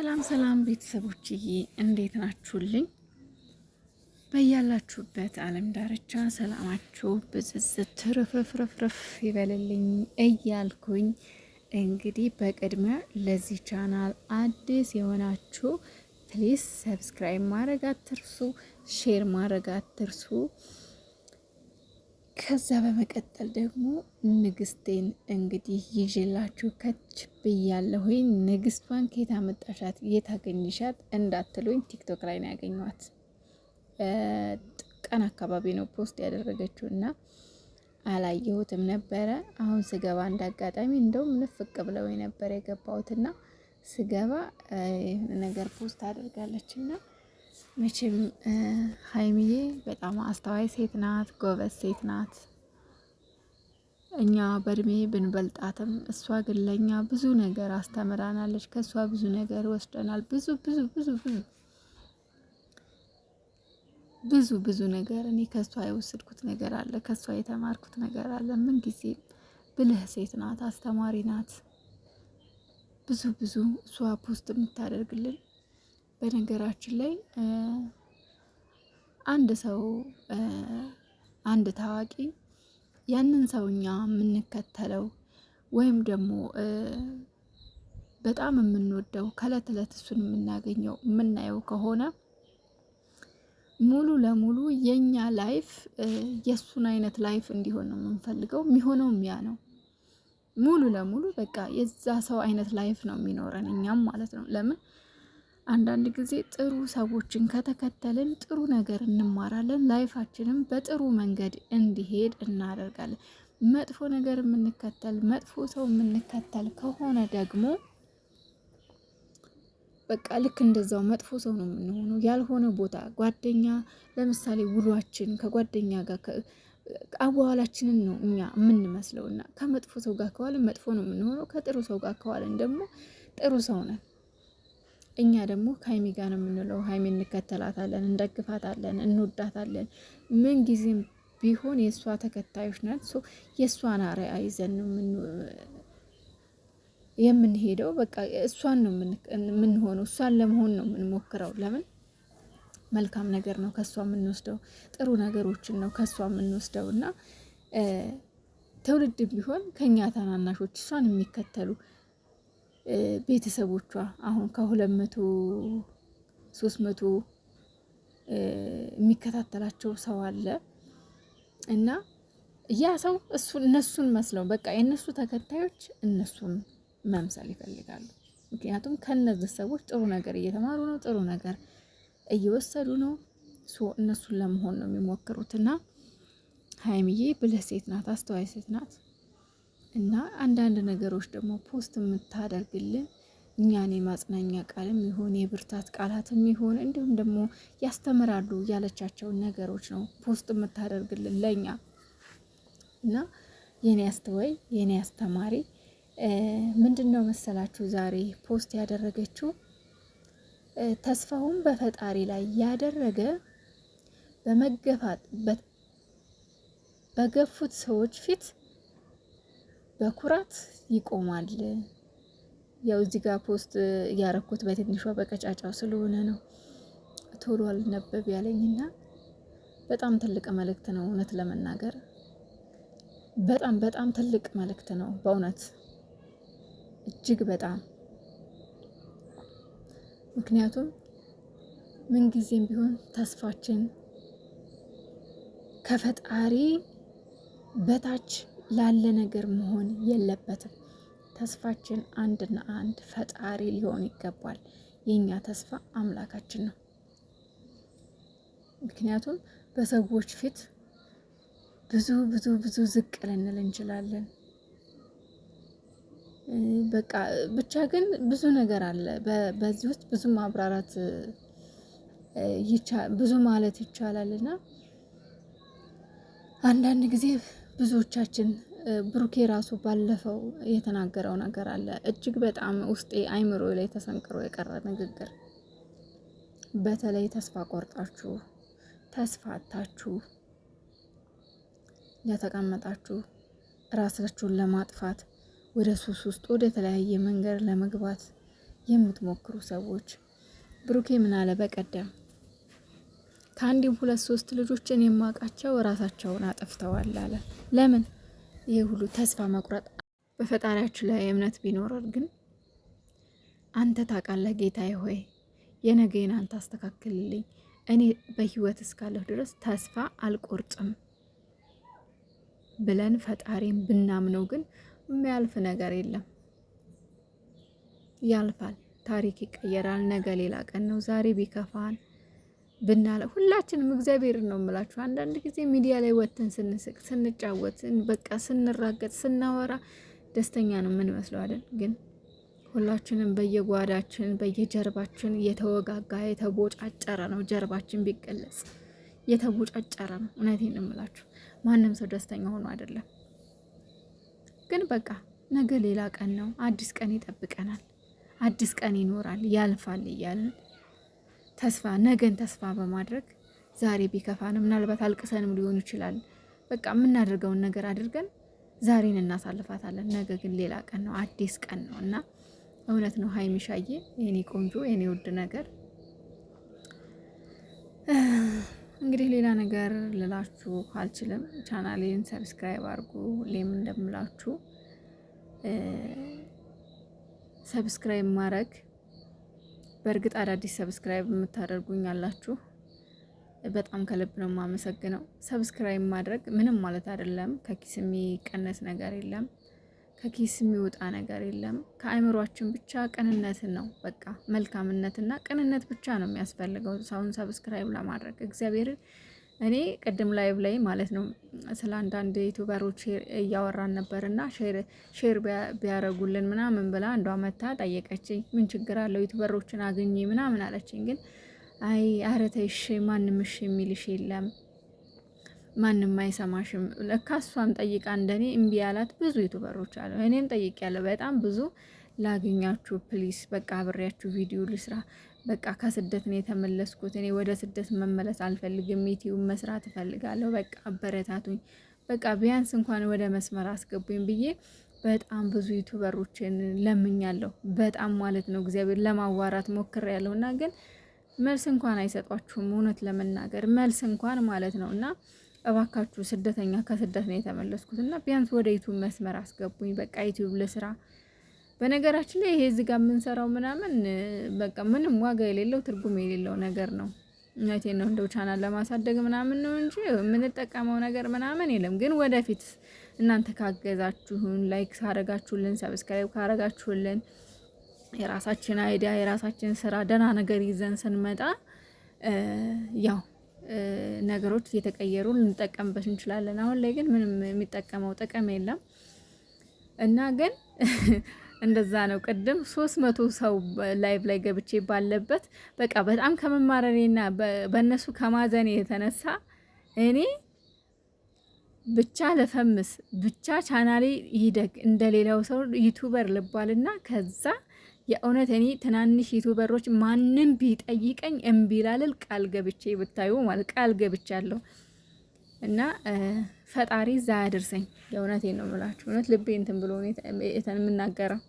ሰላም ሰላም ቤተሰቦችዬ እንዴት ናችሁልኝ? በያላችሁበት ዓለም ዳርቻ ሰላማችሁ ብዝዝት ትርፍርፍርፍ ይበልልኝ እያልኩኝ እንግዲህ በቅድሚያ ለዚህ ቻናል አዲስ የሆናችሁ ፕሊስ ሰብስክራይብ ማድረግ አትርሱ፣ ሼር ማድረግ አትርሱ። ከዛ በመቀጠል ደግሞ ንግስቴን እንግዲህ ይዤላችሁ ከች ብያለሁ። ንግስቷን ከየት አመጣሻት የት አገኝሻት እንዳትሉኝ፣ ቲክቶክ ላይ ነው ያገኘኋት። ቀን አካባቢ ነው ፖስት ያደረገችው እና አላየሁትም ነበረ። አሁን ስገባ እንዳጋጣሚ እንደውም ንፍቅ ብለው ነበር የገባሁትና ስገባ ነገር ፖስት አድርጋለች እና መቼም ሀይሚዬ በጣም አስተዋይ ሴት ናት፣ ጎበዝ ሴት ናት። እኛ በእድሜ ብንበልጣትም እሷ ግን ለእኛ ብዙ ነገር አስተምራናለች። ከእሷ ብዙ ነገር ወስደናል። ብዙ ብዙ ብዙ ብዙ ብዙ ብዙ ነገር እኔ ከእሷ የወሰድኩት ነገር አለ፣ ከእሷ የተማርኩት ነገር አለ። ምን ጊዜ ብልህ ሴት ናት፣ አስተማሪ ናት። ብዙ ብዙ እሷ ፖስት የምታደርግልን በነገራችን ላይ አንድ ሰው አንድ ታዋቂ ያንን ሰው እኛ የምንከተለው ወይም ደግሞ በጣም የምንወደው ከእለት እለት እሱን የምናገኘው የምናየው ከሆነ ሙሉ ለሙሉ የእኛ ላይፍ የእሱን አይነት ላይፍ እንዲሆን ነው የምንፈልገው። የሚሆነውም ያ ነው። ሙሉ ለሙሉ በቃ የዛ ሰው አይነት ላይፍ ነው የሚኖረን እኛም ማለት ነው። ለምን አንዳንድ ጊዜ ጥሩ ሰዎችን ከተከተልን ጥሩ ነገር እንማራለን። ላይፋችንም በጥሩ መንገድ እንዲሄድ እናደርጋለን። መጥፎ ነገር የምንከተል መጥፎ ሰው የምንከተል ከሆነ ደግሞ በቃ ልክ እንደዛው መጥፎ ሰው ነው የምንሆነው። ያልሆነ ቦታ ጓደኛ ለምሳሌ ውሏችን ከጓደኛ ጋር አዋዋላችንን ነው እኛ የምንመስለውና ከመጥፎ ሰው ጋር ከዋልን መጥፎ ነው የምንሆነው። ከጥሩ ሰው ጋር ከዋልን ደግሞ ጥሩ ሰው ነን። እኛ ደግሞ ከሀይሚ ጋር ነው የምንለው። ሀይሚ እንከተላታለን፣ እንደግፋታለን፣ እንወዳታለን። ምን ጊዜም ቢሆን የእሷ ተከታዮች ናት። የእሷን አርአያ ይዘን ነው የምንሄደው። በቃ እሷን ነው የምንሆነው። እሷን ለመሆን ነው የምንሞክረው። ለምን መልካም ነገር ነው ከእሷ የምንወስደው፣ ጥሩ ነገሮችን ነው ከእሷ የምንወስደው እና ትውልድ ቢሆን ከእኛ ታናናሾች እሷን የሚከተሉ ቤተሰቦቿ አሁን ከሁለት መቶ ሶስት መቶ የሚከታተላቸው ሰው አለ እና ያ ሰው እሱ እነሱን መስለው በቃ የእነሱ ተከታዮች እነሱን መምሰል ይፈልጋሉ። ምክንያቱም ከነዚህ ሰዎች ጥሩ ነገር እየተማሩ ነው፣ ጥሩ ነገር እየወሰዱ ነው። እነሱን ለመሆን ነው የሚሞክሩት እና ሀይሚዬ ብልህ ሴት ናት፣ አስተዋይ ሴት ናት። እና አንዳንድ ነገሮች ደግሞ ፖስት የምታደርግልን እኛን የማጽናኛ ቃልም ይሁን የብርታት ቃላትም ይሁን እንዲሁም ደግሞ ያስተምራሉ ያለቻቸውን ነገሮች ነው ፖስት የምታደርግልን ለእኛ እና የኔ አስተዋይ የኔ አስተማሪ ምንድን ነው መሰላችሁ ዛሬ ፖስት ያደረገችው ተስፋውን በፈጣሪ ላይ ያደረገ በመገፋት በገፉት ሰዎች ፊት በኩራት ይቆማል። ያው እዚህ ጋር ፖስት ያረኩት በትንሿ በቀጫጫው ስለሆነ ነው ቶሎ አልነበብ ያለኝና በጣም ትልቅ መልእክት ነው። እውነት ለመናገር በጣም በጣም ትልቅ መልእክት ነው። በእውነት እጅግ በጣም ምክንያቱም ምንጊዜም ቢሆን ተስፋችን ከፈጣሪ በታች ላለ ነገር መሆን የለበትም። ተስፋችን አንድና አንድ ፈጣሪ ሊሆን ይገባል። የእኛ ተስፋ አምላካችን ነው። ምክንያቱም በሰዎች ፊት ብዙ ብዙ ብዙ ዝቅ ልንል እንችላለን። በቃ ብቻ ግን ብዙ ነገር አለ። በዚህ ውስጥ ብዙ ማብራራት ብዙ ማለት ይቻላል እና አንዳንድ ጊዜ ብዙዎቻችን ብሩኬ ራሱ ባለፈው የተናገረው ነገር አለ። እጅግ በጣም ውስጤ አይምሮ ላይ ተሰንቅሮ የቀረ ንግግር። በተለይ ተስፋ ቆርጣችሁ ተስፋ አታችሁ ለተቀመጣችሁ ራሳችሁን ለማጥፋት ወደ ሱስ ውስጥ ወደ ተለያየ መንገድ ለመግባት የምትሞክሩ ሰዎች ብሩኬ ምን አለ በቀደም ከአንድም ሁለት ሶስት ልጆችን የማውቃቸው ራሳቸውን አጠፍተዋል አለ። ለምን ይህ ሁሉ ተስፋ መቁረጥ? በፈጣሪያችሁ ላይ እምነት ቢኖረን ግን አንተ ታውቃለህ ጌታዬ ሆይ የነገን አንተ አስተካክልልኝ፣ እኔ በህይወት እስካለሁ ድረስ ተስፋ አልቆርጥም ብለን ፈጣሪን ብናምነው ግን የሚያልፍ ነገር የለም። ያልፋል። ታሪክ ይቀየራል። ነገ ሌላ ቀን ነው። ዛሬ ቢከፋን ብናለ ሁላችንም እግዚአብሔር ነው የምላችሁ። አንዳንድ ጊዜ ሚዲያ ላይ ወጥተን ስንስቅ፣ ስንጫወት፣ በቃ ስንራገጥ፣ ስናወራ ደስተኛ ነው የምንመስለው አይደል? ግን ሁላችንም በየጓዳችን በየጀርባችን የተወጋጋ የተቦጫጨረ ነው። ጀርባችን ቢገለጽ የተቦጫጨረ ነው። እውነቴን ነው የምላችሁ። ማንም ሰው ደስተኛ ሆኖ አይደለም። ግን በቃ ነገ ሌላ ቀን ነው። አዲስ ቀን ይጠብቀናል። አዲስ ቀን ይኖራል፣ ያልፋል እያልን ተስፋ ነገን ተስፋ በማድረግ ዛሬ ቢከፋን ምናልባት አልቅሰንም ሊሆን ይችላል። በቃ የምናደርገውን ነገር አድርገን ዛሬን እናሳልፋታለን። ነገ ግን ሌላ ቀን ነው፣ አዲስ ቀን ነው እና እውነት ነው ሀይሚሻዬ፣ የኔ ቆንጆ፣ የኔ ውድ ነገር እንግዲህ ሌላ ነገር ልላችሁ አልችልም። ቻናሌን ሰብስክራይብ አድርጉ። ሌም እንደምላችሁ ሰብስክራይብ ማድረግ በእርግጥ አዳዲስ ሰብስክራይብ የምታደርጉኝ አላችሁ፣ በጣም ከልብ ነው የማመሰግነው። ሰብስክራይብ ማድረግ ምንም ማለት አይደለም። ከኪስ የሚቀነስ ነገር የለም፣ ከኪስ የሚወጣ ነገር የለም። ከአይምሯችን ብቻ ቅንነትን ነው በቃ መልካምነትና ቅንነት ብቻ ነው የሚያስፈልገው ሰውን ሰብስክራይብ ለማድረግ እግዚአብሔርን እኔ ቅድም ላይቭ ላይ ማለት ነው ስለ አንዳንድ ዩቱበሮች እያወራን ነበር እና ሼር ቢያደረጉልን ምናምን ብላ አንዷ መታ ጠየቀችኝ። ምን ችግር አለው ዩቱበሮችን አግኝ ምናምን አለችኝ። ግን አይ ኧረ ማንም እሺ የሚልሽ የለም ማንም አይሰማሽም። ለካ እሷም ጠይቃ እንደኔ እምቢ ያላት ብዙ ዩቱበሮች አሉ። እኔም ጠይቅ ያለ በጣም ብዙ ላግኛችሁ ፕሊስ፣ በቃ አብሬያችሁ ቪዲዮ ልስራ በቃ ከስደት ነው የተመለስኩት። እኔ ወደ ስደት መመለስ አልፈልግም። ዩቲዩብ መስራት እፈልጋለሁ። በቃ አበረታቱኝ፣ በቃ ቢያንስ እንኳን ወደ መስመር አስገቡኝ ብዬ በጣም ብዙ ዩቱበሮችን ለምኛለሁ። በጣም ማለት ነው እግዚአብሔር ለማዋራት ያለሁ እና ግን መልስ እንኳን አይሰጧችሁም። እውነት ለመናገር መልስ እንኳን ማለት ነው እና እባካችሁ ስደተኛ ከስደት ነው የተመለስኩት እና ቢያንስ ወደ ዩቱብ መስመር አስገቡኝ። በቃ ዩቱብ ለስራ በነገራችን ላይ ይሄ እዚህ ጋር የምንሰራው ምናምን በቃ ምንም ዋጋ የሌለው ትርጉም የሌለው ነገር ነው። እውነቴን ነው። እንደው ቻናል ለማሳደግ ምናምን ነው እንጂ የምንጠቀመው ነገር ምናምን የለም። ግን ወደፊት እናንተ ካገዛችሁን፣ ላይክ ካረጋችሁልን፣ ሰብስክራይብ ካረጋችሁልን፣ የራሳችን አይዲያ የራሳችን ስራ ደህና ነገር ይዘን ስንመጣ ያው ነገሮች እየተቀየሩ ልንጠቀምበት እንችላለን። አሁን ላይ ግን ምንም የሚጠቀመው ጥቅም የለም እና ግን እንደዛ ነው። ቅድም ሶስት መቶ ሰው ላይቭ ላይ ገብቼ ባለበት በቃ በጣም ከመማረሬና በእነሱ ከማዘኔ የተነሳ እኔ ብቻ ለፈምስ ብቻ ቻናሌ ይደግ እንደሌላው ሰው ዩቱበር ልባልና ከዛ የእውነት እኔ ትናንሽ ዩቱበሮች ማንም ቢጠይቀኝ እምቢ ቃል ገብቼ ብታዩ ማለት ቃል ገብቻለሁ። እና ፈጣሪ እዛ ያደርሰኝ። የእውነቴን ነው የምላችሁ። እውነት ልቤ እንትን ብሎ የምናገረው